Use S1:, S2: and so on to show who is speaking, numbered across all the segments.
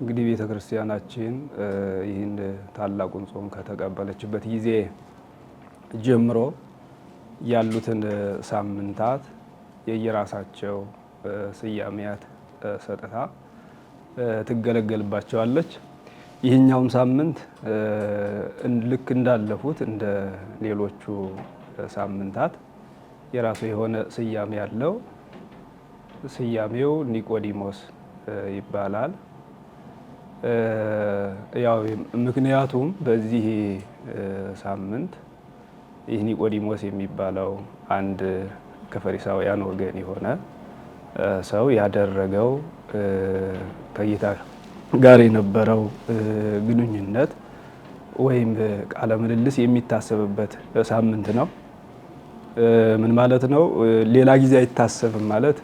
S1: እንግዲህ ቤተ ክርስቲያናችን ይህን ታላቁን ጾም ከተቀበለችበት ጊዜ ጀምሮ ያሉትን ሳምንታት የየራሳቸው ስያሜያት ሰጥታ ትገለገልባቸዋለች። ይህኛውም ሳምንት ልክ እንዳለፉት እንደ ሌሎቹ ሳምንታት የራሱ የሆነ ስያሜ ያለው ስያሜው ኒቆዲሞስ ይባላል። ያው ምክንያቱም በዚህ ሳምንት ይህ ኒቆዲሞስ የሚባለው አንድ ከፈሪሳውያን ወገን የሆነ ሰው ያደረገው ከጌታ ጋር የነበረው ግንኙነት ወይም ቃለ ምልልስ የሚታሰብበት ሳምንት ነው። ምን ማለት ነው? ሌላ ጊዜ አይታሰብም ማለት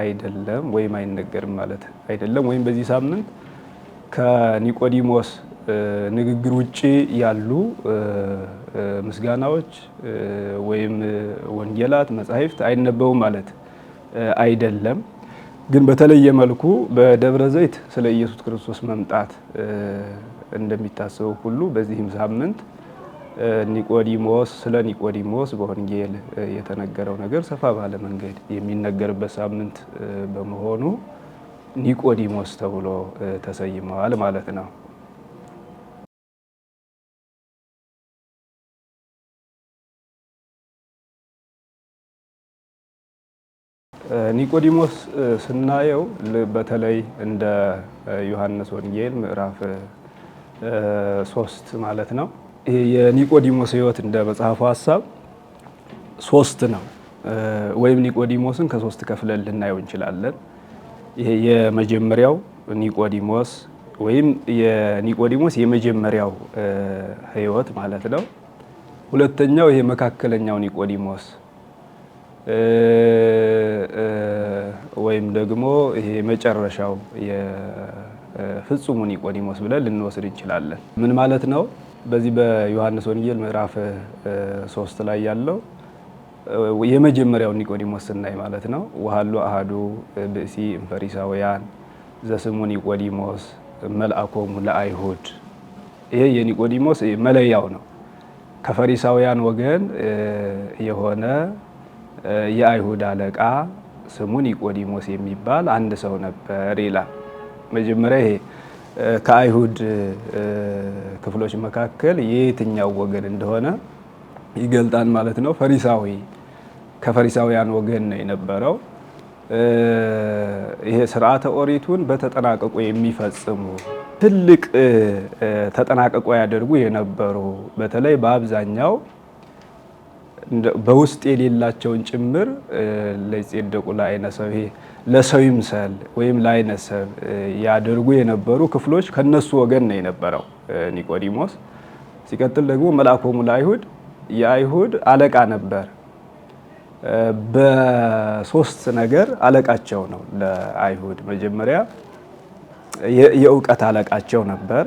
S1: አይደለም፣ ወይም አይነገርም ማለት አይደለም። ወይም በዚህ ሳምንት ከኒቆዲሞስ ንግግር ውጪ ያሉ ምስጋናዎች ወይም ወንጌላት፣ መጻሕፍት አይነበቡም ማለት አይደለም። ግን በተለየ መልኩ በደብረ ዘይት ስለ ኢየሱስ ክርስቶስ መምጣት እንደሚታሰበው ሁሉ በዚህም ሳምንት ኒቆዲሞስ ስለ ኒቆዲሞስ በወንጌል የተነገረው ነገር ሰፋ ባለ መንገድ የሚነገርበት ሳምንት በመሆኑ ኒቆዲሞስ ተብሎ ተሰይመዋል ማለት ነው። ኒቆዲሞስ ስናየው በተለይ እንደ ዮሐንስ ወንጌል ምዕራፍ ሶስት ማለት ነው የኒቆዲሞስ ህይወት እንደ መጽሐፉ ሀሳብ ሶስት ነው፣ ወይም ኒቆዲሞስን ከሶስት ከፍለን ልናየው እንችላለን። ይሄ የመጀመሪያው ኒቆዲሞስ ወይም የኒቆዲሞስ የመጀመሪያው ህይወት ማለት ነው። ሁለተኛው ይሄ መካከለኛው ኒቆዲሞስ ወይም ደግሞ ይሄ መጨረሻው የፍጹሙ ኒቆዲሞስ ብለን ልንወስድ እንችላለን። ምን ማለት ነው? በዚህ በዮሐንስ ወንጌል ምዕራፍ ሶስት ላይ ያለው የመጀመሪያው ኒቆዲሞስ ስናይ ማለት ነው። ወሃሉ አሃዱ ብእሲ እምፈሪሳውያን ዘስሙ ኒቆዲሞስ መልአኮሙ ለአይሁድ። ይሄ የኒቆዲሞስ መለያው ነው። ከፈሪሳውያን ወገን የሆነ የአይሁድ አለቃ ስሙ ኒቆዲሞስ የሚባል አንድ ሰው ነበር ይላል መጀመሪያ ይሄ ከአይሁድ ክፍሎች መካከል የየትኛው ወገን እንደሆነ ይገልጣል ማለት ነው። ፈሪሳዊ ከፈሪሳውያን ወገን ነው የነበረው። ይሄ ስርዓተ ኦሪቱን በተጠናቀቁ የሚፈጽሙ ትልቅ ተጠናቀቁ ያደርጉ የነበሩ በተለይ በአብዛኛው በውስጥ የሌላቸውን ጭምር ለጼደቁ ለአይነ ሰብ ይሄ ለሰው ይምሰል ወይም ለአይነ ሰብ ያደርጉ የነበሩ ክፍሎች ከነሱ ወገን ነው የነበረው ኒቆዲሞስ። ሲቀጥል ደግሞ መልአኮሙ ለአይሁድ የአይሁድ አለቃ ነበር። በሶስት ነገር አለቃቸው ነው ለአይሁድ። መጀመሪያ የእውቀት አለቃቸው ነበር።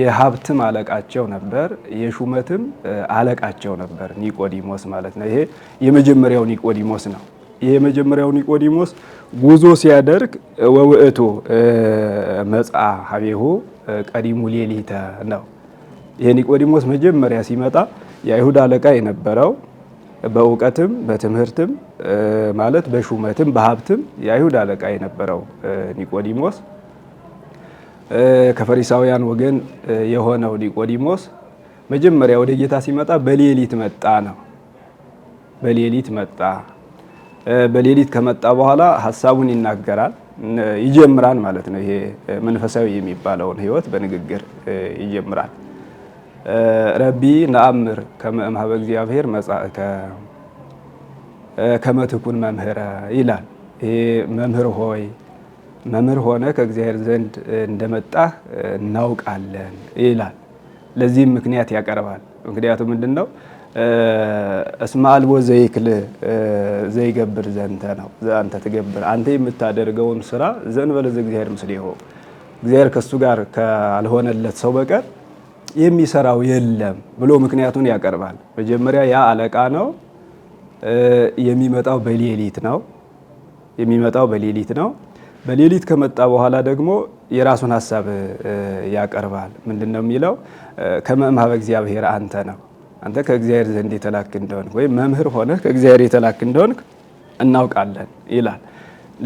S1: የሀብትም አለቃቸው ነበር፣ የሹመትም አለቃቸው ነበር ኒቆዲሞስ ማለት ነው። ይሄ የመጀመሪያው ኒቆዲሞስ ነው። ይሄ የመጀመሪያው ኒቆዲሞስ ጉዞ ሲያደርግ ወውእቱ መጽአ ሀቤሁ ቀዲሙ ሌሊተ ነው። ይሄ ኒቆዲሞስ መጀመሪያ ሲመጣ የአይሁድ አለቃ የነበረው በእውቀትም በትምህርትም ማለት በሹመትም በሀብትም የአይሁድ አለቃ የነበረው ኒቆዲሞስ ከፈሪሳውያን ወገን የሆነው ኒቆዲሞስ መጀመሪያ ወደ ጌታ ሲመጣ በሌሊት መጣ ነው። በሌሊት መጣ። በሌሊት ከመጣ በኋላ ሀሳቡን ይናገራል ይጀምራል ማለት ነው። ይሄ መንፈሳዊ የሚባለውን ህይወት በንግግር ይጀምራል። ረቢ ነአምር ከመእምሃበ እግዚአብሔር ከመትኩን መምህረ ይላል። ይሄ መምህር ሆይ መምህር ሆነ ከእግዚአብሔር ዘንድ እንደመጣህ እናውቃለን ይላል። ለዚህም ምክንያት ያቀርባል። ምክንያቱ ምንድን ነው? እስመ አልቦ ዘይክል ዘይገብር ዘንተ ነው አንተ ትገብር አንተ የምታደርገውን ስራ ዘእንበለ ዘእግዚአብሔር ምስሌሁ እግዚአብሔር ከእሱ ጋር ካልሆነለት ሰው በቀር የሚሰራው የለም ብሎ ምክንያቱን ያቀርባል። መጀመሪያ ያ አለቃ ነው የሚመጣው በሌሊት ነው የሚመጣው በሌሊት ነው በሌሊት ከመጣ በኋላ ደግሞ የራሱን ሀሳብ ያቀርባል። ምንድን ነው የሚለው? ከመእምሃበ እግዚአብሔር አንተ ነው አንተ ከእግዚአብሔር ዘንድ የተላክ እንደሆንክ ወይም መምህር ሆነ ከእግዚአብሔር የተላክ እንደሆንክ እናውቃለን ይላል።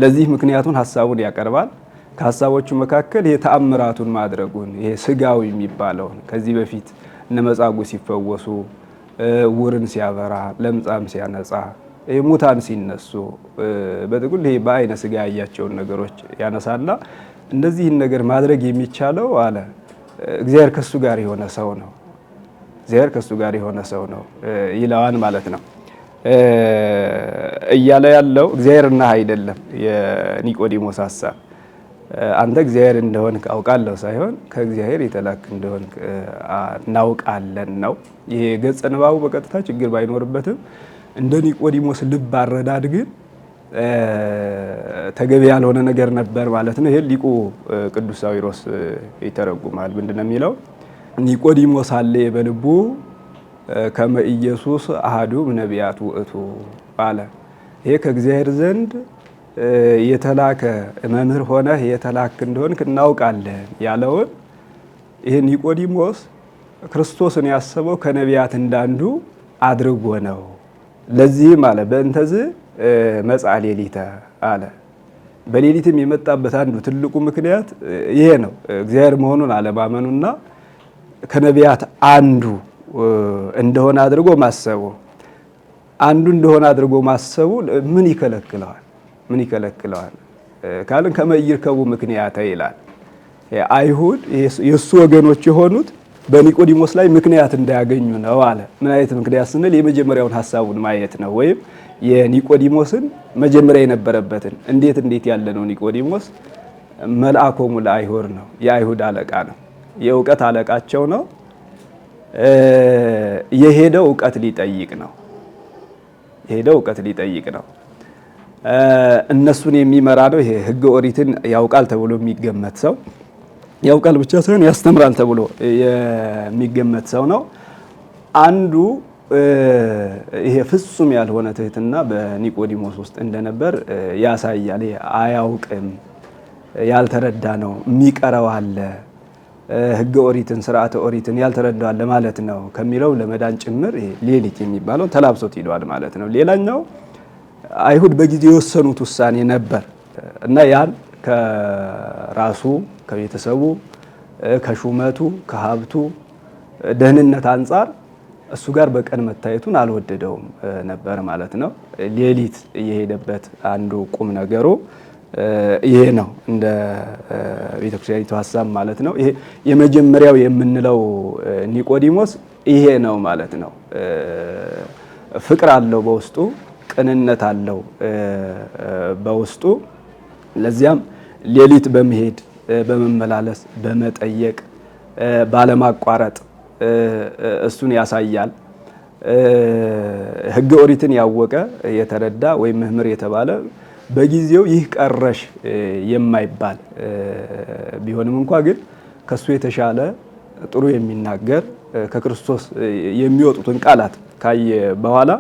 S1: ለዚህ ምክንያቱን ሀሳቡን ያቀርባል። ከሀሳቦቹ መካከል የተአምራቱን ማድረጉን ይሄ ስጋዊ የሚባለውን ከዚህ በፊት እነ መጻጉዕ ሲፈወሱ፣ ውርን ሲያበራ፣ ለምጻም ሲያነጻ ሙታን ሲነሱ በጥቅል ይሄ በአይነ ስጋ ያያቸውን ነገሮች ያነሳና እንደዚህን ነገር ማድረግ የሚቻለው አለ እግዚአብሔር ከሱ ጋር የሆነ ሰው ነው እግዚአብሔር ከሱ ጋር የሆነ ሰው ነው ይለዋን ማለት ነው እያለ ያለው እግዚአብሔርና አይደለም የኒቆዲሞስ ሀሳብ አንተ እግዚአብሔር እንደሆንክ አውቃለሁ ሳይሆን ከእግዚአብሔር የተላክ እንደሆንክ እናውቃለን ነው ይሄ ገጸ ንባቡ በቀጥታ ችግር ባይኖርበትም እንደ ኒቆዲሞስ ልብ አረዳድ ግን ተገቢ ያልሆነ ነገር ነበር ማለት ነው። ይሄን ሊቁ ቅዱስ ሳዊሮስ ይተረጉማል። ምንድን ነው የሚለው? ኒቆዲሞስ አለ በልቡ ከመ ኢየሱስ አሐዱ እምነቢያት ውእቱ አለ። ይሄ ከእግዚአብሔር ዘንድ የተላከ መምህር ሆነ የተላክ እንደሆን እናውቃለን ያለውን ይሄ ኒቆዲሞስ ክርስቶስን ያሰበው ከነቢያት እንዳንዱ አድርጎ ነው ለዚህም አለ በእንተዝ መጽአ ሌሊተ አለ። በሌሊትም የመጣበት አንዱ ትልቁ ምክንያት ይሄ ነው። እግዚአብሔር መሆኑን አለማመኑና ከነቢያት አንዱ እንደሆነ አድርጎ ማሰቡ አንዱ እንደሆነ አድርጎ ማሰቡ ምን ይከለክለዋል? ምን ይከለክለዋል ካልን ከመይርከቡ ምክንያት ይላል አይሁድ የእሱ ወገኖች የሆኑት በኒቆዲሞስ ላይ ምክንያት እንዳያገኙ ነው አለ። ምን አይነት ምክንያት ስንል የመጀመሪያውን ሀሳቡን ማየት ነው፣ ወይም የኒቆዲሞስን መጀመሪያ የነበረበትን እንዴት እንዴት ያለ ነው። ኒቆዲሞስ መልአኮሙ ለአይሁድ ነው፣ የአይሁድ አለቃ ነው፣ የእውቀት አለቃቸው ነው። የሄደው እውቀት ሊጠይቅ ነው፣ የሄደው እውቀት ሊጠይቅ ነው። እነሱን የሚመራ ነው። ይሄ ህገ ኦሪትን ያውቃል ተብሎ የሚገመት ሰው ያውቃል ብቻ ሳይሆን ያስተምራል ተብሎ የሚገመት ሰው ነው። አንዱ ይሄ ፍጹም ያልሆነ ትህትና በኒቆዲሞስ ውስጥ እንደነበር ያሳያል። አያውቅም፣ ያልተረዳ ነው፣ የሚቀረው አለ ህገ ኦሪትን ስርዓተ ኦሪትን ያልተረዳዋለ ማለት ነው ከሚለው ለመዳን ጭምር ሌሊት የሚባለው ተላብሶት ሂደዋል ማለት ነው። ሌላኛው አይሁድ በጊዜ የወሰኑት ውሳኔ ነበር እና ያን ከራሱ ከቤተሰቡ ከሹመቱ ከሀብቱ ደህንነት አንጻር እሱ ጋር በቀን መታየቱን አልወደደውም ነበር ማለት ነው። ሌሊት እየሄደበት አንዱ ቁም ነገሩ ይሄ ነው፣ እንደ ቤተክርስቲያኒቱ ሀሳብ ማለት ነው። ይሄ የመጀመሪያው የምንለው ኒቆዲሞስ ይሄ ነው ማለት ነው። ፍቅር አለው በውስጡ፣ ቅንነት አለው በውስጡ ለዚያም ሌሊት በመሄድ በመመላለስ በመጠየቅ ባለማቋረጥ እሱን ያሳያል። ሕገ ኦሪትን ያወቀ የተረዳ ወይም መምህር የተባለ በጊዜው ይህ ቀረሽ የማይባል ቢሆንም እንኳ ግን ከሱ የተሻለ ጥሩ የሚናገር ከክርስቶስ የሚወጡትን ቃላት ካየ በኋላ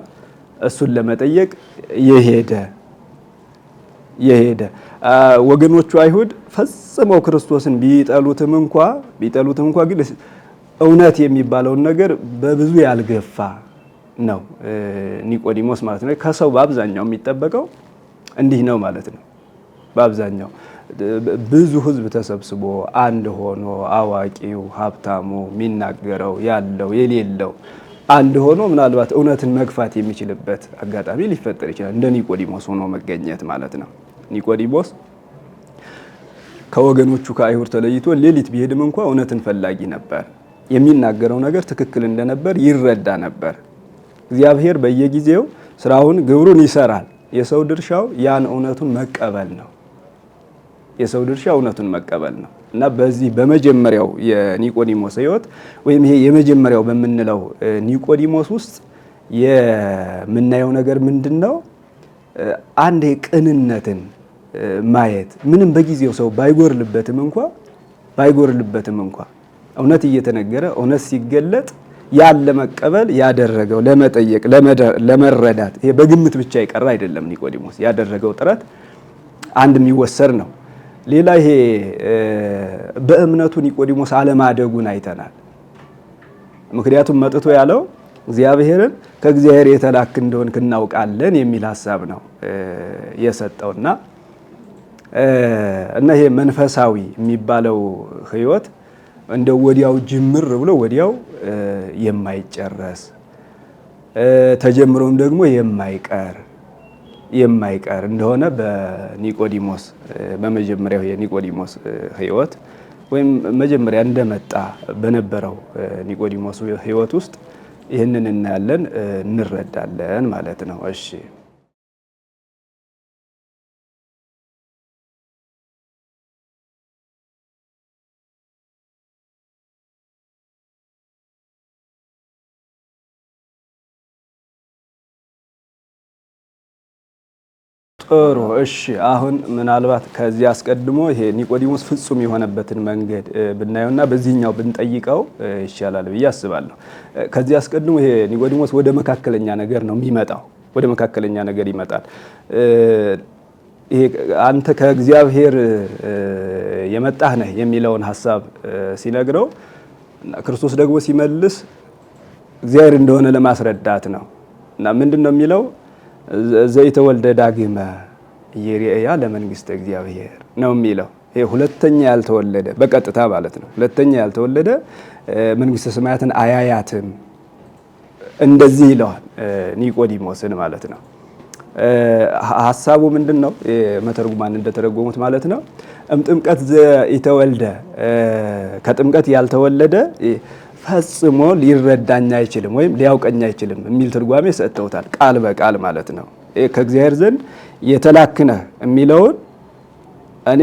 S1: እሱን ለመጠየቅ የሄደ የሄደ ወገኖቹ አይሁድ ፈጽመው ክርስቶስን ቢጠሉትም እንኳ ቢጠሉትም እንኳ ግን እውነት የሚባለውን ነገር በብዙ ያልገፋ ነው ኒቆዲሞስ ማለት ነው። ከሰው በአብዛኛው የሚጠበቀው እንዲህ ነው ማለት ነው። በአብዛኛው ብዙ ሕዝብ ተሰብስቦ አንድ ሆኖ አዋቂው፣ ሀብታሙ፣ የሚናገረው ያለው የሌለው አንድ ሆኖ ምናልባት እውነትን መግፋት የሚችልበት አጋጣሚ ሊፈጠር ይችላል። እንደ ኒቆዲሞስ ሆኖ መገኘት ማለት ነው። ኒቆዲሞስ ከወገኖቹ ከአይሁድ ተለይቶ ሌሊት ቢሄድም እንኳ እውነትን ፈላጊ ነበር። የሚናገረው ነገር ትክክል እንደነበር ይረዳ ነበር። እግዚአብሔር በየጊዜው ስራውን ግብሩን ይሰራል። የሰው ድርሻው ያን እውነቱን መቀበል ነው። የሰው ድርሻ እውነቱን መቀበል ነው እና በዚህ በመጀመሪያው የኒቆዲሞስ ህይወት ወይም ይሄ የመጀመሪያው በምንለው ኒቆዲሞስ ውስጥ የምናየው ነገር ምንድን ነው? አንድ ቅንነትን ማየት ምንም በጊዜው ሰው ባይጎርልበትም እንኳ ባይጎርልበትም እንኳ እውነት እየተነገረ እውነት ሲገለጥ ያን ለመቀበል ያደረገው ለመጠየቅ ለመረዳት ይሄ በግምት ብቻ የቀረ አይደለም። ኒቆዲሞስ ያደረገው ጥረት አንድ የሚወሰድ ነው። ሌላ ይሄ በእምነቱ ኒቆዲሞስ አለማደጉን አይተናል። ምክንያቱም መጥቶ ያለው እግዚአብሔርን ከእግዚአብሔር የተላክ እንደሆንክ እናውቃለን የሚል ሀሳብ ነው የሰጠውና እና ይሄ መንፈሳዊ የሚባለው ህይወት እንደ ወዲያው ጅምር ብሎ ወዲያው የማይጨረስ ተጀምሮም ደግሞ የማይቀር የማይቀር እንደሆነ በኒቆዲሞስ በመጀመሪያው የኒቆዲሞስ ህይወት ወይም መጀመሪያ እንደመጣ በነበረው ኒቆዲሞስ ህይወት ውስጥ ይህንን እናያለን፣ እንረዳለን ማለት ነው። እሺ ጥሩ እሺ፣ አሁን ምናልባት ከዚህ አስቀድሞ ይሄ ኒቆዲሞስ ፍጹም የሆነበትን መንገድ ብናየውና በዚህኛው ብንጠይቀው ይሻላል ብዬ አስባለሁ። ከዚህ አስቀድሞ ይሄ ኒቆዲሞስ ወደ መካከለኛ ነገር ነው የሚመጣው፣ ወደ መካከለኛ ነገር ይመጣል። ይሄ አንተ ከእግዚአብሔር የመጣህ ነህ የሚለውን ሀሳብ ሲነግረው ክርስቶስ ደግሞ ሲመልስ እግዚአብሔር እንደሆነ ለማስረዳት ነው እና ምንድን ነው የሚለው ዘይተወልደ ዳግመ ኢየርእያ ለመንግስት እግዚአብሔር ነው የሚለው። ይሄ ሁለተኛ ያልተወለደ በቀጥታ ማለት ነው። ሁለተኛ ያልተወለደ መንግስተ ሰማያትን አያያትም እንደዚህ ይለዋል ኒቆዲሞስን ማለት ነው። ሀሳቡ ምንድን ነው? መተርጉማን እንደተረጎሙት ማለት ነው እምጥምቀት ዘኢተወልደ ከጥምቀት ያልተወለደ ፈጽሞ ሊረዳኝ አይችልም ወይም ሊያውቀኝ አይችልም የሚል ትርጓሜ ሰጥተውታል። ቃል በቃል ማለት ነው። ከእግዚአብሔር ዘንድ የተላክነ የሚለውን እኔ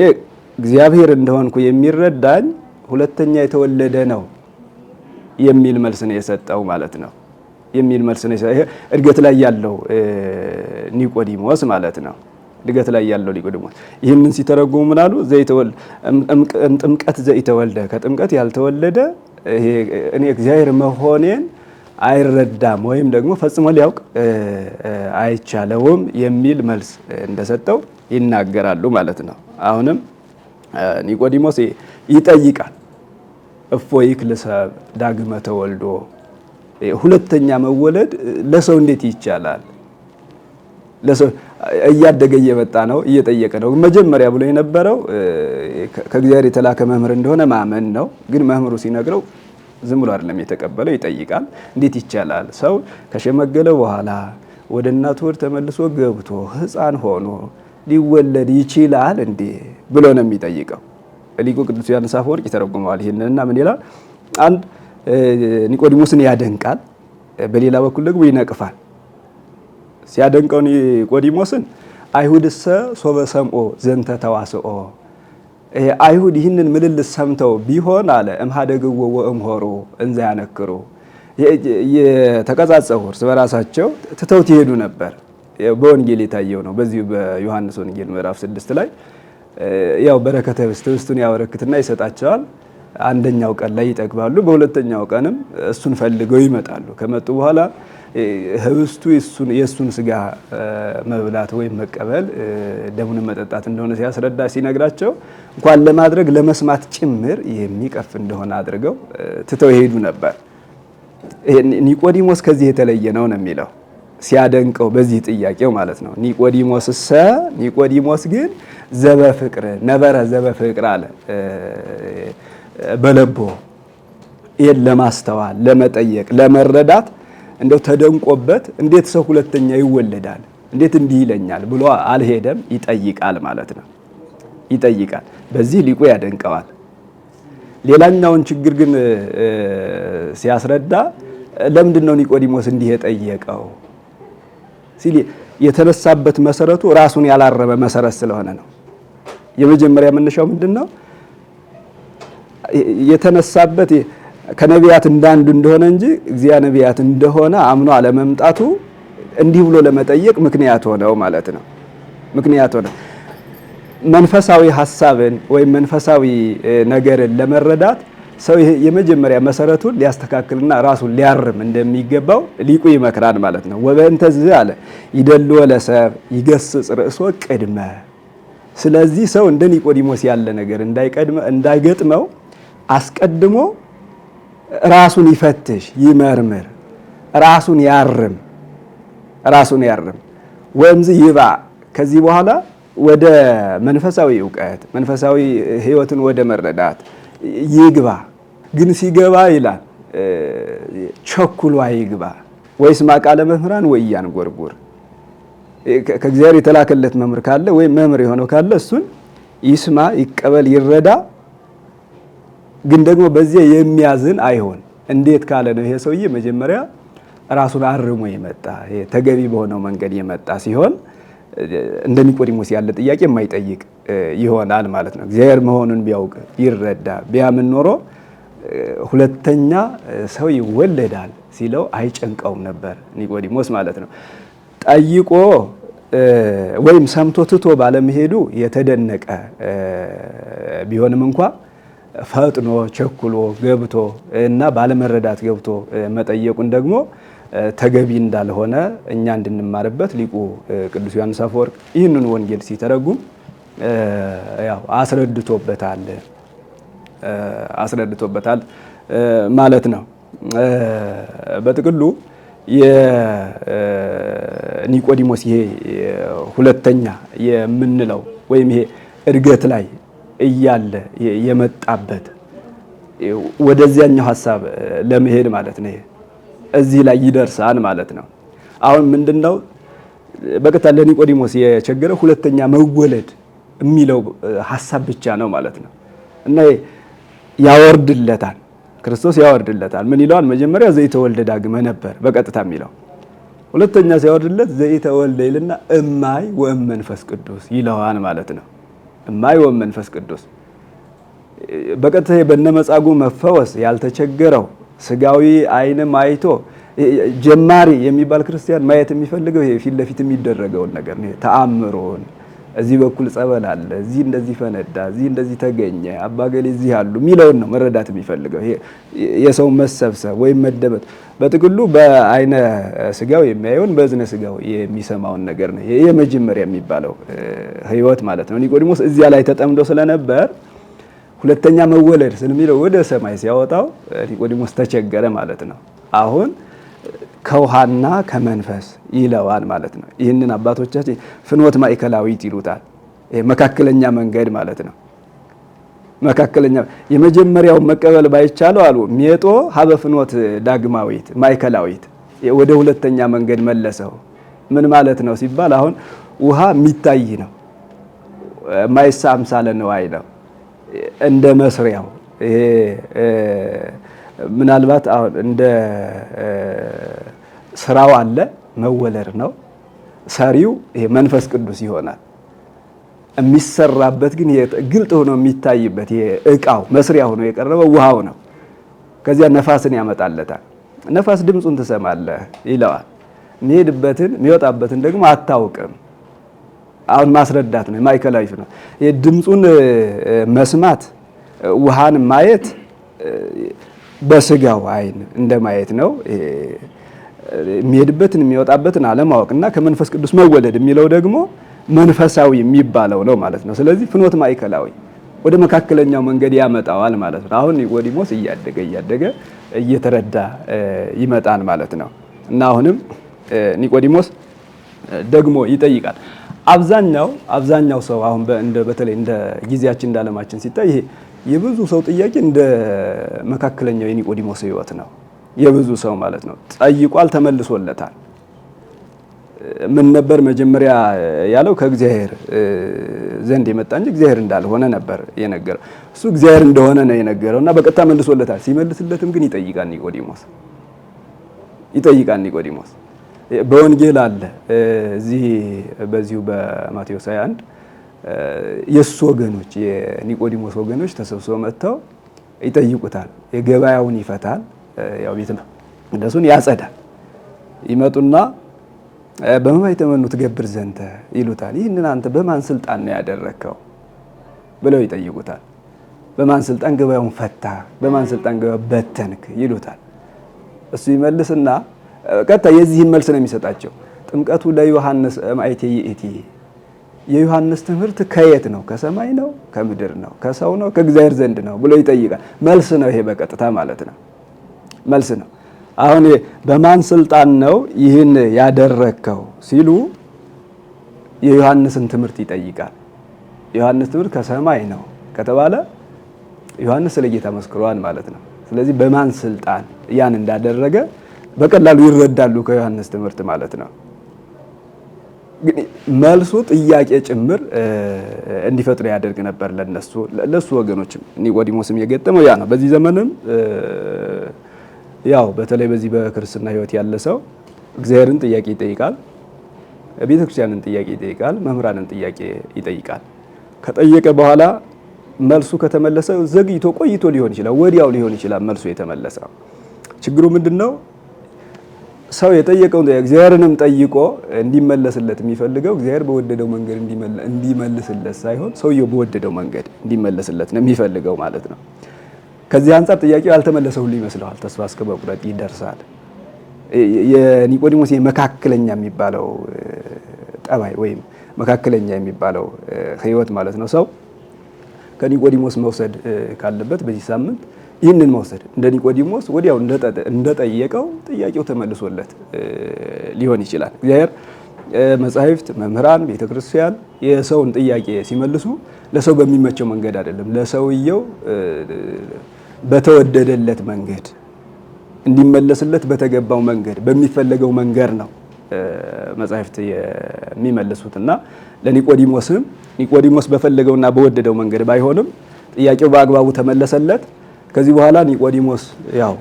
S1: እግዚአብሔር እንደሆንኩ የሚረዳኝ ሁለተኛ የተወለደ ነው የሚል መልስ ነው የሰጠው ማለት ነው። የሚል መልስ ነው ይሄ እድገት ላይ ያለው ኒቆዲሞስ ማለት ነው። እድገት ላይ ያለው ኒቆዲሞስ ይህንን ሲተረጉሙ ምናሉ ዘይተወል እምጥምቀት ዘይተወልደ ከጥምቀት ያልተወለደ እኔ እግዚአብሔር መሆኔን አይረዳም ወይም ደግሞ ፈጽሞ ሊያውቅ አይቻለውም የሚል መልስ እንደሰጠው ይናገራሉ ማለት ነው። አሁንም ኒቆዲሞስ ይጠይቃል። እፎ ለሰብ ዳግመ ተወልዶ ሁለተኛ መወለድ ለሰው እንዴት ይቻላል? እያደገ እየመጣ ነው፣ እየጠየቀ ነው። መጀመሪያ ብሎ የነበረው ከእግዚአብሔር የተላከ መምህር እንደሆነ ማመን ነው። ግን መምህሩ ሲነግረው ዝም ብሎ አይደለም የተቀበለው፣ ይጠይቃል። እንዴት ይቻላል ሰው ከሸመገለ በኋላ ወደ እናቱ ወድ ተመልሶ ገብቶ ሕፃን ሆኖ ሊወለድ ይችላል እንዴ ብሎ ነው የሚጠይቀው። ሊቁ ቅዱስ ዮሐንስ አፈወርቅ ይተረጉመዋል ይህንንና ምን ይላል? አንድ ኒቆዲሞስን ያደንቃል፣ በሌላ በኩል ደግሞ ይነቅፋል። ሲያደንቀው ኒቆዲሞስን አይሁድሰ ሶበ ሰምኦ ዘንተ ተዋስኦ አይሁድ ይህንን ምልልስ ሰምተው ቢሆን አለ እምሃደግዎ ወእምሆሩ እንዘ ያነክሩ የተቀጻጸው እርስ በራሳቸው ትተውት ይሄዱ ነበር። በወንጌል የታየው ነው። በዚሁ በዮሐንስ ወንጌል ምዕራፍ ስድስት ላይ ያው በረከተ ኅብስቱን ያበረክትና ይሰጣቸዋል። አንደኛው ቀን ላይ ይጠግባሉ። በሁለተኛው ቀንም እሱን ፈልገው ይመጣሉ። ከመጡ በኋላ ህብስቱ የእሱን ስጋ መብላት ወይም መቀበል ደሙን መጠጣት እንደሆነ ሲያስረዳ ሲነግራቸው እንኳን ለማድረግ ለመስማት ጭምር የሚቀፍ እንደሆነ አድርገው ትተው ይሄዱ ነበር። ኒቆዲሞስ ከዚህ የተለየ ነው ነው የሚለው ሲያደንቀው በዚህ ጥያቄው ማለት ነው። ኒቆዲሞስ ሰ ኒቆዲሞስ ግን ዘበፍቅር ነበረ ዘበፍቅር አለ በለቦ ይህን ለማስተዋል ለመጠየቅ ለመረዳት እንደው ተደንቆበት እንዴት ሰው ሁለተኛ ይወለዳል እንዴት እንዲህ ይለኛል ብሎ አልሄደም። ይጠይቃል ማለት ነው። ይጠይቃል። በዚህ ሊቁ ያደንቀዋል። ሌላኛውን ችግር ግን ሲያስረዳ ለምንድን ነው ኒቆዲሞስ እንዲህ የጠየቀው ሲል የተነሳበት መሰረቱ ራሱን ያላረመ መሰረት ስለሆነ ነው። የመጀመሪያ መነሻው ምንድን ነው የተነሳበት ከነቢያት እንዳንዱ እንደሆነ እንጂ እግዚአ ነቢያት እንደሆነ አምኖ አለመምጣቱ እንዲህ ብሎ ለመጠየቅ ምክንያት ሆነው ማለት ነው። ምክንያት ሆነ መንፈሳዊ ሀሳብን ወይም መንፈሳዊ ነገርን ለመረዳት ሰው የመጀመሪያ መሰረቱን ሊያስተካክልና ራሱን ሊያርም እንደሚገባው ሊቁ ይመክራል ማለት ነው። ወበእንተ ዝ አለ ይደል ወለሰብ ይገስጽ ርእሶ ቅድመ። ስለዚህ ሰው እንደ ኒቆዲሞስ ያለ ነገር እንዳይቀድመ እንዳይገጥመው አስቀድሞ ራሱን ይፈትሽ፣ ይመርምር፣ ራሱን ያርም፣ ራሱን ያርም። ወእምዝ ይባእ ከዚህ በኋላ ወደ መንፈሳዊ እውቀት መንፈሳዊ ህይወትን ወደ መረዳት ይግባ። ግን ሲገባ ይላል ቸኩሎ አይግባ። ወይስማ ቃለ መምህራን ወኢያንጎርጉር ከእግዚአብሔር የተላከለት መምህር ካለ ወይም መምህር የሆነው ካለ እሱን ይስማ፣ ይቀበል፣ ይረዳ ግን ደግሞ በዚያ የሚያዝን አይሆን። እንዴት ካለ ነው ይሄ ሰውዬ መጀመሪያ ራሱን አርሞ የመጣ ተገቢ በሆነው መንገድ የመጣ ሲሆን እንደ ኒቆዲሞስ ያለ ጥያቄ የማይጠይቅ ይሆናል ማለት ነው። እግዚአብሔር መሆኑን ቢያውቅ ይረዳ ቢያምን ኖሮ ሁለተኛ ሰው ይወለዳል ሲለው አይጨንቀውም ነበር ኒቆዲሞስ ማለት ነው። ጠይቆ ወይም ሰምቶ ትቶ ባለመሄዱ የተደነቀ ቢሆንም እንኳ ፈጥኖ ቸኩሎ ገብቶ እና ባለመረዳት ገብቶ መጠየቁን ደግሞ ተገቢ እንዳልሆነ እኛ እንድንማርበት ሊቁ ቅዱስ ዮሐንስ አፈወርቅ ይህንን ወንጌል ሲተረጉም ያው አስረድቶበታል አስረድቶበታል ማለት ነው። በጥቅሉ የኒቆዲሞስ ይሄ ሁለተኛ የምንለው ወይም ይሄ እድገት ላይ እያለ የመጣበት ወደዚያኛው ሀሳብ ለመሄድ ማለት ነው። እዚህ ላይ ይደርሳል ማለት ነው። አሁን ምንድነው በቀጥታ ለኒቆዲሞስ የቸገረ ሁለተኛ መወለድ የሚለው ሀሳብ ብቻ ነው ማለት ነው እና ያወርድለታል ክርስቶስ ያወርድለታል። ምን ይለዋል? መጀመሪያ ዘይተወልደ ዳግመ ነበር በቀጥታ የሚለው ሁለተኛ ሲያወርድለት ዘይተወልደ ይልና እማይ ወእም መንፈስ ቅዱስ ይለዋል ማለት ነው። እማይወም መንፈስ ቅዱስ በቀጥታ በነመጻጉ መፈወስ ያልተቸገረው ስጋዊ አይንም አይቶ ጀማሪ የሚባል ክርስቲያን ማየት የሚፈልገው ይሄ ፊት ለፊት የሚደረገውን ነገር ነው፣ ተአምሮን እዚህ በኩል ጸበል አለ፣ እዚህ እንደዚህ ፈነዳ፣ እዚህ እንደዚህ ተገኘ፣ አባገሌ እዚህ አሉ የሚለውን ነው መረዳት የሚፈልገው። የሰው መሰብሰብ ወይም መደበት በጥቅሉ በአይነ ስጋው የሚያየውን በእዝነ ስጋው የሚሰማውን ነገር ነው የመጀመሪያ የሚባለው ህይወት ማለት ነው። ኒቆዲሞስ እዚያ ላይ ተጠምዶ ስለነበር ሁለተኛ መወለድ ስለሚለው ወደ ሰማይ ሲያወጣው ኒቆዲሞስ ተቸገረ ማለት ነው አሁን ከውሃና ከመንፈስ ይለዋል ማለት ነው። ይህንን አባቶቻችን ፍኖት ማዕከላዊት ይሉታል። መካከለኛ መንገድ ማለት ነው። መካከለኛ የመጀመሪያው መቀበል ባይቻለው አሉ ሜጦ ሀበ ፍኖት ዳግማዊት ማዕከላዊት ወደ ሁለተኛ መንገድ መለሰው። ምን ማለት ነው ሲባል አሁን ውሃ የሚታይ ነው፣ ማይሳ አምሳለ ነዋይ ነው እንደ መስሪያው ምናልባት አሁን እንደ ስራው አለ መወለድ ነው። ሰሪው ይሄ መንፈስ ቅዱስ ይሆናል። የሚሰራበት ግን ግልጥ ሆኖ የሚታይበት እቃው መስሪያ ሆኖ የቀረበው ውሃው ነው። ከዚያ ነፋስን ያመጣለታል። ነፋስ ድምፁን ትሰማለህ ይለዋል። የሚሄድበትን የሚወጣበትን ደግሞ አታውቅም። አሁን ማስረዳት ነው የማዕከላዊ ነው። ድምፁን መስማት ውሃን ማየት በስጋው አይን እንደማየት ነው። የሚሄድበትን የሚወጣበትን አለማወቅ እና ከመንፈስ ቅዱስ መወለድ የሚለው ደግሞ መንፈሳዊ የሚባለው ነው ማለት ነው። ስለዚህ ፍኖት ማዕከላዊ ወደ መካከለኛው መንገድ ያመጣዋል ማለት ነው። አሁን ኒቆዲሞስ እያደገ እያደገ እየተረዳ ይመጣል ማለት ነው እና አሁንም ኒቆዲሞስ ደግሞ ይጠይቃል። አብዛኛው አብዛኛው ሰው አሁን በተለይ እንደ ጊዜያችን እንደ ዓለማችን ሲታይ ይሄ የብዙ ሰው ጥያቄ እንደ መካከለኛው የኒቆዲሞስ ህይወት ነው። የብዙ ሰው ማለት ነው። ጠይቋል፣ ተመልሶለታል። ምን ነበር መጀመሪያ ያለው? ከእግዚአብሔር ዘንድ የመጣ እንጂ እግዚአብሔር እንዳልሆነ ነበር የነገረው። እሱ እግዚአብሔር እንደሆነ ነው የነገረው እና በቀጥታ መልሶለታል። ሲመልስለትም ግን ይጠይቃል ኒቆዲሞስ ይጠይቃል ኒቆዲሞስ በወንጌል አለ እዚህ በዚሁ በማቴዎስ 21 የእሱ ወገኖች የኒቆዲሞስ ወገኖች ተሰብስበው መጥተው ይጠይቁታል። የገበያውን ይፈታል፣ ያው ቤት መቅደሱን ያጸዳል። ይመጡና በመባይ ተመኑ ትገብር ዘንተ ይሉታል። ይህንን አንተ በማን ስልጣን ነው ያደረከው ብለው ይጠይቁታል። በማን ስልጣን ገበያውን ፈታ፣ በማን ስልጣን ገበያው በተንክ ይሉታል። እሱ ይመልስና ቀጥታ የዚህን መልስ ነው የሚሰጣቸው። ጥምቀቱ ለዮሐንስ ማይቴ ይእቲ የዮሐንስ ትምህርት ከየት ነው? ከሰማይ ነው? ከምድር ነው? ከሰው ነው? ከእግዚአብሔር ዘንድ ነው ብሎ ይጠይቃል። መልስ ነው ይሄ፣ በቀጥታ ማለት ነው መልስ ነው። አሁን በማን ስልጣን ነው ይህን ያደረግከው ሲሉ የዮሐንስን ትምህርት ይጠይቃል። ዮሐንስ ትምህርት ከሰማይ ነው ከተባለ ዮሐንስ ስለ ጌታ መስክሯል ማለት ነው። ስለዚህ በማን ስልጣን ያን እንዳደረገ በቀላሉ ይረዳሉ ከዮሐንስ ትምህርት ማለት ነው። መልሱ ጥያቄ ጭምር እንዲፈጥሩ ያደርግ ነበር። ለነሱ ለሱ ወገኖችም ኒቆዲሞስም የገጠመው ያ ነው። በዚህ ዘመንም ያው በተለይ በዚህ በክርስትና ሕይወት ያለ ሰው እግዚአብሔርን ጥያቄ ይጠይቃል፣ ቤተ ክርስቲያንን ጥያቄ ይጠይቃል፣ መምህራንን ጥያቄ ይጠይቃል። ከጠየቀ በኋላ መልሱ ከተመለሰ ዘግይቶ ቆይቶ ሊሆን ይችላል፣ ወዲያው ሊሆን ይችላል መልሱ የተመለሰ። ችግሩ ምንድን ነው? ሰው የጠየቀው እግዚአብሔርንም ጠይቆ እንዲመለስለት የሚፈልገው እግዚአብሔር በወደደው መንገድ እንዲመልስለት ሳይሆን ሰውየው በወደደው መንገድ እንዲመለስለት ነው የሚፈልገው ማለት ነው። ከዚህ አንጻር ጥያቄው ያልተመለሰ ሁሉ ይመስለዋል፣ ተስፋ እስከ መቁረጥ ይደርሳል። የኒቆዲሞስ መካከለኛ የሚባለው ጠባይ ወይም መካከለኛ የሚባለው ህይወት ማለት ነው ሰው ከኒቆዲሞስ መውሰድ ካለበት በዚህ ሳምንት ይህንን መውሰድ እንደ ኒቆዲሞስ ወዲያው እንደጠየቀው ጥያቄው ተመልሶለት ሊሆን ይችላል። እግዚአብሔር መጻሕፍት፣ መምህራን፣ ቤተክርስቲያን የሰውን ጥያቄ ሲመልሱ ለሰው በሚመቸው መንገድ አይደለም፣ ለሰውየው በተወደደለት መንገድ እንዲመለስለት በተገባው መንገድ በሚፈለገው መንገድ ነው መጻሕፍት የሚመልሱት እና ለኒቆዲሞስም ኒቆዲሞስ በፈለገውና በወደደው መንገድ ባይሆንም ጥያቄው በአግባቡ ተመለሰለት። ከዚህ በኋላ ኒቆዲሞስ ያው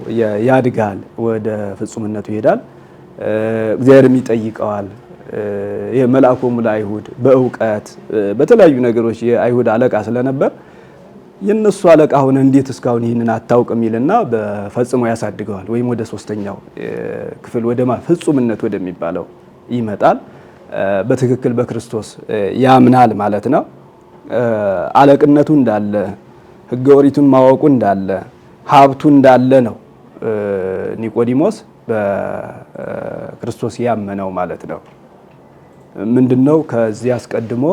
S1: ያድጋል፣ ወደ ፍጹምነቱ ይሄዳል፣ እግዚአብሔርም ይጠይቀዋል። የመልአኮሙ ለአይሁድ በእውቀት በተለያዩ ነገሮች የአይሁድ አለቃ ስለነበር የእነሱ አለቃ ሆነ እንዴት እስካሁን ይህንን አታውቅም? ይልና በፈጽሞ ያሳድገዋል። ወይም ወደ ሶስተኛው ክፍል ወደማ ፍጹምነት ወደሚባለው ይመጣል። በትክክል በክርስቶስ ያምናል ማለት ነው። አለቅነቱ እንዳለ ህገ ኦሪቱን ማወቁ እንዳለ ሀብቱ እንዳለ ነው ኒቆዲሞስ በክርስቶስ ያመነው ማለት ነው። ምንድን ነው ከዚህ አስቀድሞ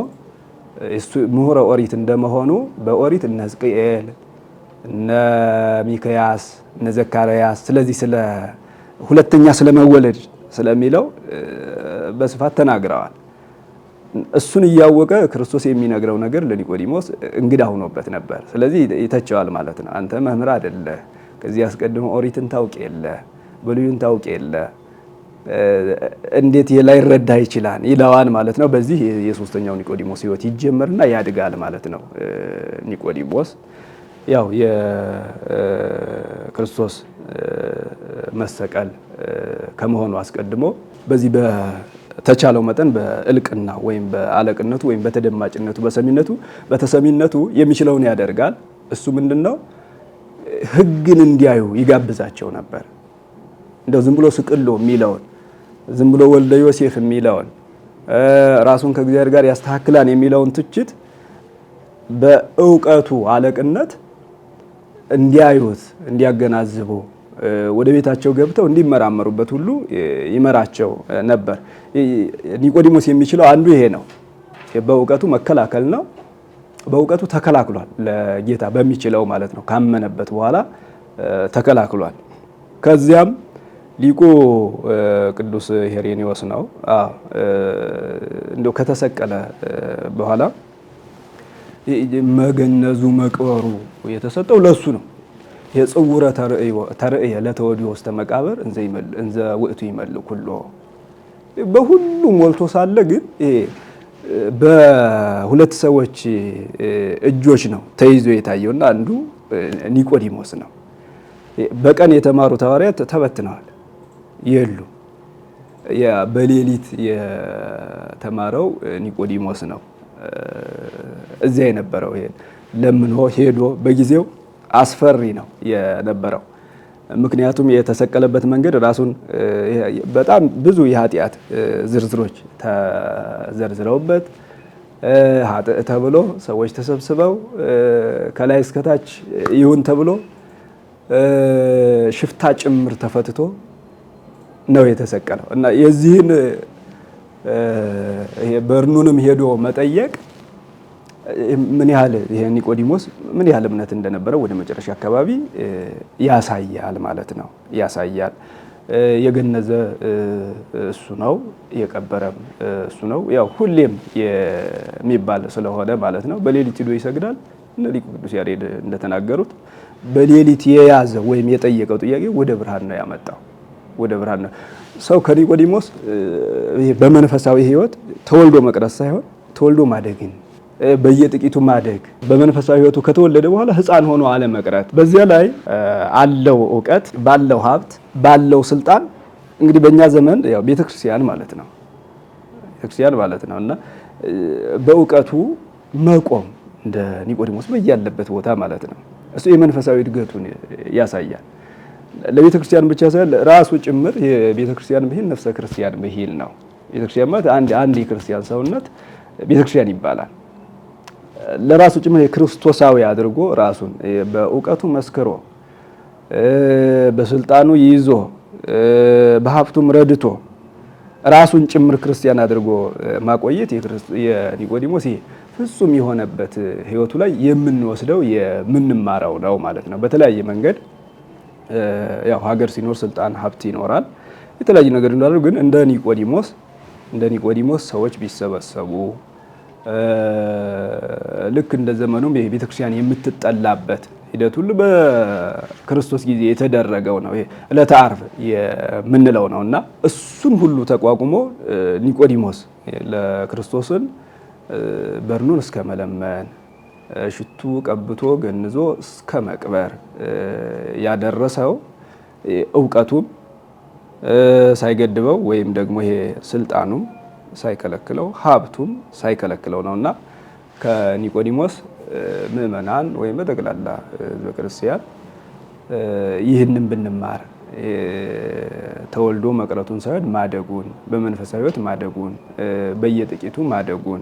S1: ምሁረ ኦሪት እንደመሆኑ በኦሪት እነ ሕዝቅኤል እነ ሚክያስ እነ ዘካርያስ ስለዚህ ስለ ሁለተኛ ስለመወለድ ስለሚለው በስፋት ተናግረዋል። እሱን እያወቀ ክርስቶስ የሚነግረው ነገር ለኒቆዲሞስ እንግዳ ሆኖበት ነበር። ስለዚህ ይተቸዋል ማለት ነው። አንተ መምህር አይደለ፣ ከዚህ አስቀድሞ ኦሪትን ታውቅ የለ፣ ብሉይን ታውቅ የለ፣ እንዴት ላይረዳ ይችላል ይለዋል ማለት ነው። በዚህ የሶስተኛው ኒቆዲሞስ ህይወት ይጀመርና ያድጋል ማለት ነው። ኒቆዲሞስ ያው የክርስቶስ መሰቀል ከመሆኑ አስቀድሞ በዚህ በ በተቻለው መጠን በእልቅና ወይም በአለቅነቱ ወይም በተደማጭነቱ በሰሚነቱ በተሰሚነቱ የሚችለውን ያደርጋል። እሱ ምንድን ነው? ህግን እንዲያዩ ይጋብዛቸው ነበር። እንደው ዝም ብሎ ስቅሎ የሚለውን ዝም ብሎ ወልደ ዮሴፍ የሚለውን ራሱን ከእግዚአብሔር ጋር ያስተካክላን የሚለውን ትችት በእውቀቱ አለቅነት እንዲያዩት እንዲያገናዝቡ ወደ ቤታቸው ገብተው እንዲመራመሩበት ሁሉ ይመራቸው ነበር። ኒቆዲሞስ የሚችለው አንዱ ይሄ ነው። በእውቀቱ መከላከል ነው። በእውቀቱ ተከላክሏል። ለጌታ በሚችለው ማለት ነው። ካመነበት በኋላ ተከላክሏል። ከዚያም ሊቁ ቅዱስ ሄሬኒዮስ ነው። እንደው ከተሰቀለ በኋላ መገነዙ መቅበሩ የተሰጠው ለሱ ነው። የጽውረ ተርእየ ለተወዲሁ ውስተ መቃብር እንዘ ውእቱ ይመልእ ኩሎ በሁሉም ሞልቶ ሳለ ግን በሁለት ሰዎች እጆች ነው ተይዞ የታየውና አንዱ ኒቆዲሞስ ነው። በቀን የተማሩ ሐዋርያት ተበትነዋል፣ የሉ። በሌሊት የተማረው ኒቆዲሞስ ነው እዚያ የነበረው ለምኖ ሄዶ በጊዜው አስፈሪ ነው የነበረው። ምክንያቱም የተሰቀለበት መንገድ ራሱን በጣም ብዙ የኃጢአት ዝርዝሮች ተዘርዝረውበት ኃጥእ ተብሎ ሰዎች ተሰብስበው ከላይ እስከታች ይሁን ተብሎ ሽፍታ ጭምር ተፈትቶ ነው የተሰቀለው እና የዚህን በርኑንም ሄዶ መጠየቅ ምን ያህል ይሄ ኒቆዲሞስ ምን ያህል እምነት እንደነበረው ወደ መጨረሻ አካባቢ ያሳያል ማለት ነው ያሳያል። የገነዘ እሱ ነው፣ የቀበረም እሱ ነው። ያው ሁሌም የሚባል ስለሆነ ማለት ነው። በሌሊት ሂዶ ይሰግዳል። እነ ሊቁ ቅዱስ ያሬድ እንደተናገሩት በሌሊት የያዘ ወይም የጠየቀው ጥያቄ ወደ ብርሃን ነው ያመጣው። ወደ ብርሃን ነው ሰው ከኒቆዲሞስ በመንፈሳዊ ሕይወት ተወልዶ መቅረስ ሳይሆን ተወልዶ ማደግን በየጥቂቱ ማደግ በመንፈሳዊ ህይወቱ ከተወለደ በኋላ ህፃን ሆኖ አለመቅረት በዚያ ላይ አለው እውቀት ባለው ሀብት ባለው ስልጣን እንግዲህ በእኛ ዘመን ያው ቤተክርስቲያን ማለት ነው ቤተክርስቲያን ማለት ነው እና በእውቀቱ መቆም እንደ ኒቆዲሞስ በያለበት ቦታ ማለት ነው። እሱ የመንፈሳዊ እድገቱን ያሳያል። ለቤተክርስቲያን ብቻ ሳይሆን ራሱ ጭምር የቤተክርስቲያን ብሂል ነፍሰ ክርስቲያን ብሂል ነው። ቤተክርስቲያን ማለት አንድ የክርስቲያን ሰውነት ቤተክርስቲያን ይባላል። ለራሱ ጭምር የክርስቶሳዊ አድርጎ ራሱን በእውቀቱ መስክሮ በስልጣኑ ይዞ በሀብቱም ረድቶ ራሱን ጭምር ክርስቲያን አድርጎ ማቆየት የኒቆዲሞስ ይሄ ፍጹም የሆነበት ህይወቱ ላይ የምንወስደው የምንማረው ነው ማለት ነው። በተለያየ መንገድ ያው ሀገር ሲኖር ስልጣን ሀብት ይኖራል፣ የተለያዩ ነገር እንዳለ ግን እንደ ኒቆዲሞስ እንደ ኒቆዲሞስ ሰዎች ቢሰበሰቡ ልክ እንደ ዘመኑም ቤተክርስቲያን የምትጠላበት ሂደት ሁሉ በክርስቶስ ጊዜ የተደረገው ነው። ዕለተ ዓርብ የምንለው ነው እና እሱን ሁሉ ተቋቁሞ ኒቆዲሞስ ለክርስቶስን በርኑን እስከ መለመን ሽቱ ቀብቶ ገንዞ እስከ መቅበር ያደረሰው እውቀቱም ሳይገድበው ወይም ደግሞ ይሄ ስልጣኑም ሳይከለክለው ሀብቱም ሳይከለክለው እና ከኒቆዲሞስ ምእመናን ወይም በጠቅላላ ሕዝበ ክርስቲያን ይህንን ብንማር ተወልዶ መቅረቱን ሳይሆን ማደጉን በመንፈሳዊ ህይወት ማደጉን በየጥቂቱ ማደጉን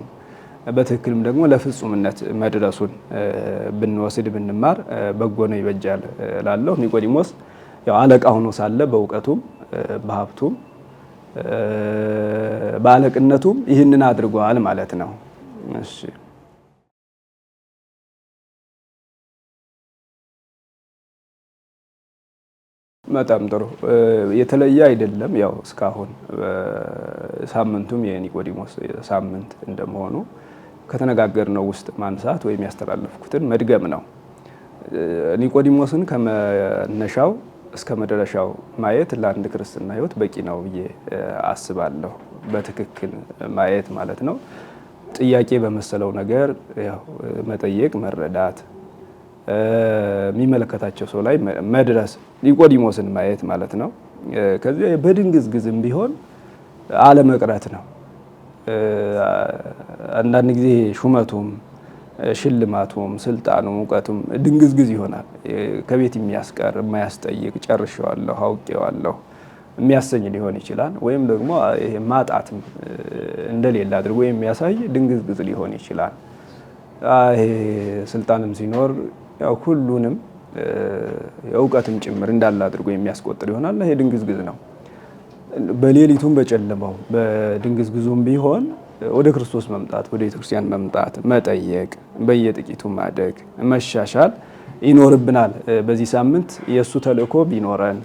S1: በትክክልም ደግሞ ለፍጹምነት መድረሱን ብንወስድ ብንማር በጎ ነው ይበጃል እላለሁ። ኒቆዲሞስ ያው አለቃ ሆኖ ሳለ በእውቀቱም በሀብቱም ባለቅነቱ ይህንን አድርጓል ማለት ነው። እሺ በጣም ጥሩ የተለየ አይደለም። ያው እስካሁን ሳምንቱም የኒቆዲሞስ ሳምንት እንደመሆኑ ከተነጋገርነው ውስጥ ማንሳት ወይም ያስተላለፍኩትን መድገም ነው። ኒቆዲሞስን ከመነሻው እስከ መደረሻው ማየት ለአንድ ክርስትና ህይወት በቂ ነው ብዬ አስባለሁ። በትክክል ማየት ማለት ነው። ጥያቄ በመሰለው ነገር መጠየቅ፣ መረዳት፣ የሚመለከታቸው ሰው ላይ መድረስ፣ ኒቆዲሞስን ማየት ማለት ነው። ከዚያ በድንግዝግዝም ቢሆን አለመቅረት ነው። አንዳንድ ጊዜ ሹመቱም ሽልማቱም ስልጣኑም እውቀቱም ድንግዝግዝ ይሆናል። ከቤት የሚያስቀር የማያስጠይቅ ጨርሸዋለሁ አውቄዋለሁ የሚያሰኝ ሊሆን ይችላል። ወይም ደግሞ ማጣትም እንደሌለ አድርጎ የሚያሳይ ድንግዝግዝ ሊሆን ይችላል። ስልጣንም ሲኖር ሁሉንም እውቀትም ጭምር እንዳለ አድርጎ የሚያስቆጥር ይሆናል። ይሄ ድንግዝግዝ ነው። በሌሊቱም በጨለማው በድንግዝግዙም ቢሆን ወደ ክርስቶስ መምጣት ወደ ቤተክርስቲያን መምጣት መጠየቅ፣ በየጥቂቱ ማደግ መሻሻል ይኖርብናል። በዚህ ሳምንት የእሱ ተልእኮ ቢኖረን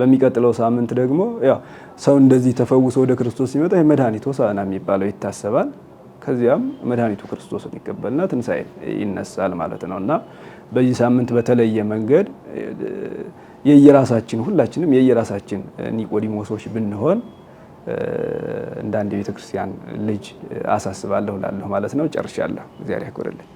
S1: በሚቀጥለው ሳምንት ደግሞ ያው ሰው እንደዚህ ተፈውሶ ወደ ክርስቶስ ሲመጣ የመድኃኒቱ ሆሳዕና የሚባለው ይታሰባል። ከዚያም መድኃኒቱ ክርስቶስን ይቀበልና ትንሣኤ ይነሳል ማለት ነው እና በዚህ ሳምንት በተለየ መንገድ የየራሳችን ሁላችንም የየራሳችን ኒቆዲሞሶች ብንሆን እንደ አንድ የቤተክርስቲያን ልጅ አሳስባለሁ ላለሁ ማለት ነው። ጨርሻለሁ። እግዚአብሔር ያክብርልኝ።